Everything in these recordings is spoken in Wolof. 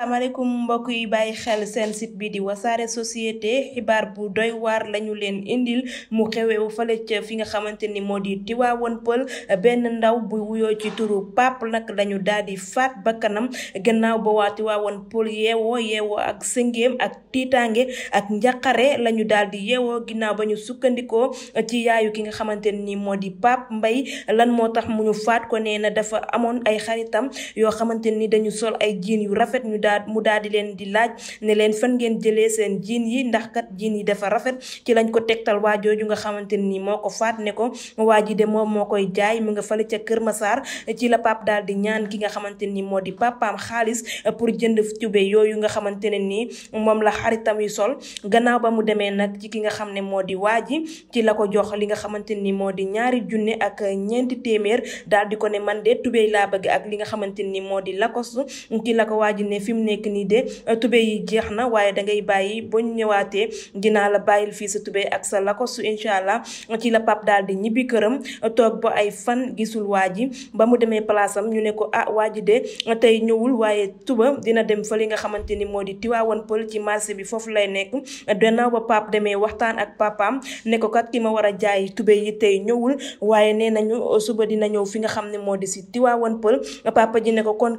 asalaamaaleykum mbokk yi bàyyi xel seen site bii di wasaare société xibaar bu doy waar lañu leen indil mu xewewu fële ca fi nga xamante ni moo di Tiwaawan Pël benn ndaw bu wuyoo ci turu Pape nag lañu daal di faat bakkanam gannaaw ba waa Tiwaawan Pël yeewoo yeewoo ak sëngéem ak tiitaange ak njaqare lañu daal di yeewoo ginnaaw ba ñu sukkandikoo ci yaayu ki nga xamante ni moo di Pape mbay lan moo tax mu ñu faat ko nee na dafa amoon ay xaritam yoo xamante ni dañu sol ay jiin yu rafet ñu daal daal mu daal di leen di laaj ne leen fan ngeen jëlee seen jiin yi ndax kat jiin yi dafa rafet ci lañ ko tegtal waa jooju nga xamante ni moo ko faat ko waa ji de moom moo koy jaay mu nga fale ca Kër Masaar ci la pap daal di ñaan ki nga xamante ni moo di papaam xaalis pour jënd tube yooyu nga xamante ne nii moom la xaritam yi sol gannaaw ba mu demee nag ci ki nga xam ne moo di waa ji ci la ko jox li nga xamante ni moo di ñaari junne ak ñeenti téeméer daal di ko ne man de tubéy laa bëgg ak li nga xamante ni moo di lakos ci la ko waa ne fi mu nekk nii de euh, tubéy yi jeex na waaye dangay bàyyi boo ñëwaatee dinaa la bàyyil fii sa tubéy ak sa su incha allah ci la pap daal di ñibbi këram euh, toog ba ay fan gisul waa ji ba mu demee place am ñu ne ko ah waa ji de euh, tey ñëwul waaye tuba dina dem fa li nga xamante ni moo di Tiwaawan Pël ci marché bi foofu lay nekk gannaaw ba pap demee waxtaan ak papaam ne ko kat ki ma war a jaay tubéy yi tey ñëwul waaye nee nañu suba dina ñëw fi nga xam ne moo di si Tiwaawan Pël papa ji ne ko kon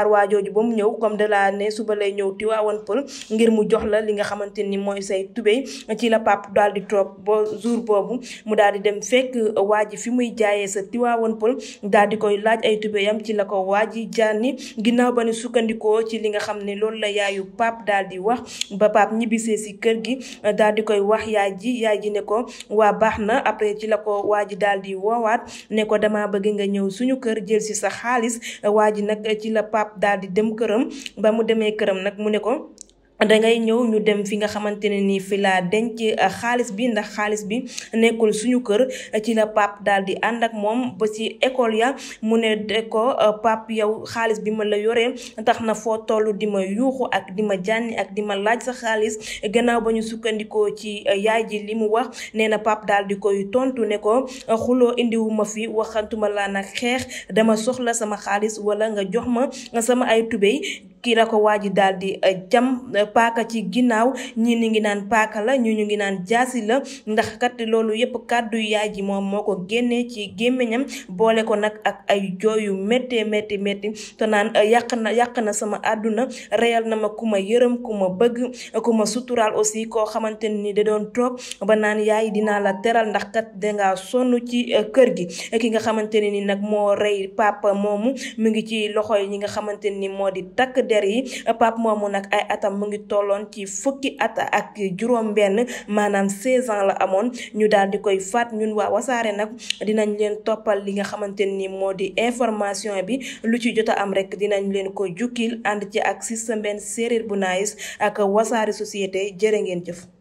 xaar waa jooju ba mu ñëw comme de la ne suba lay ñëw Tivaouane Peulh ngir mu jox la li nga xamante ni mooy say tubéy ci la pap daal di toog ba jour boobu mu daal di dem fekk waa ji fi muy jaayee sa Tivaouane Peulh daal di koy laaj ay tubéyam ci la ko waa ji jaani ginnaaw ba ni sukkandikoo ci li nga xam ne loolu la yaayu pap daal di wax ba pap ñibbisee si kër gi daal di koy wax yaay ji yaay ji ne ko waa baax na après ci la ko waa ji daal di woowaat ne ko dama bëgg nga ñëw daldi dem këram ba mu demee këram nag mu né ko dangay ñëw ñu dem fi nga xamante ne nii fi laa denc euh, xaalis bi ndax xaalis bi nekkul suñu kër ci la pap daal di ànd ak moom ba ci école ya mu ne de ko euh, pap yow xaalis bi ma la yore tax na foo tollu di ma yuuxu ak di ma jànni ak di ma laaj sa xaalis gannaaw ba ñu sukkandikoo ci euh, yaay ji li mu wax nee na pap daal di koy tontu ne ko xuloo indiwu ma fi waxantuma laa nag xeex dama soxla sama xaalis wala nga jox ma sama ay tubéy kii la ko waa ji daal di eh, jam eh, paaka ci ginnaaw ñii ñu ngi naan paaka la ñu ñu ngi naan jaasi la ndax kat loolu yëpp kàddu yaay ji moom moo ko génnee ci gémmiñam boole ko nag ak ay jooyu mettee métti métti te naan eh, yàq na yàq na sama àdduna reyal na ma ku ma yërëm ku ma bëgg ku ma suturaal aussi koo xamante nii da doon toog ba naan yaay dinaa la teral ndax kat dangaa sonn ci kër gi ki nga xamante ne ni nag moo rey papa moomu mu ngi ci loxo yi nga xamante ni moo der yi Pape moomu nag ay atam mu ngi tolloon ci fukki at ak juróom-benn maanaam 16 ans la amoon ñu daal di koy faat ñun waa wasaare nag dinañ leen toppal li nga xamante ni moo di information bi lu ci jot am rek dinañ leen ko jukkil ànd ci ak système benn séeréer bu naayis ak wasaare société jëre ngeen jëf.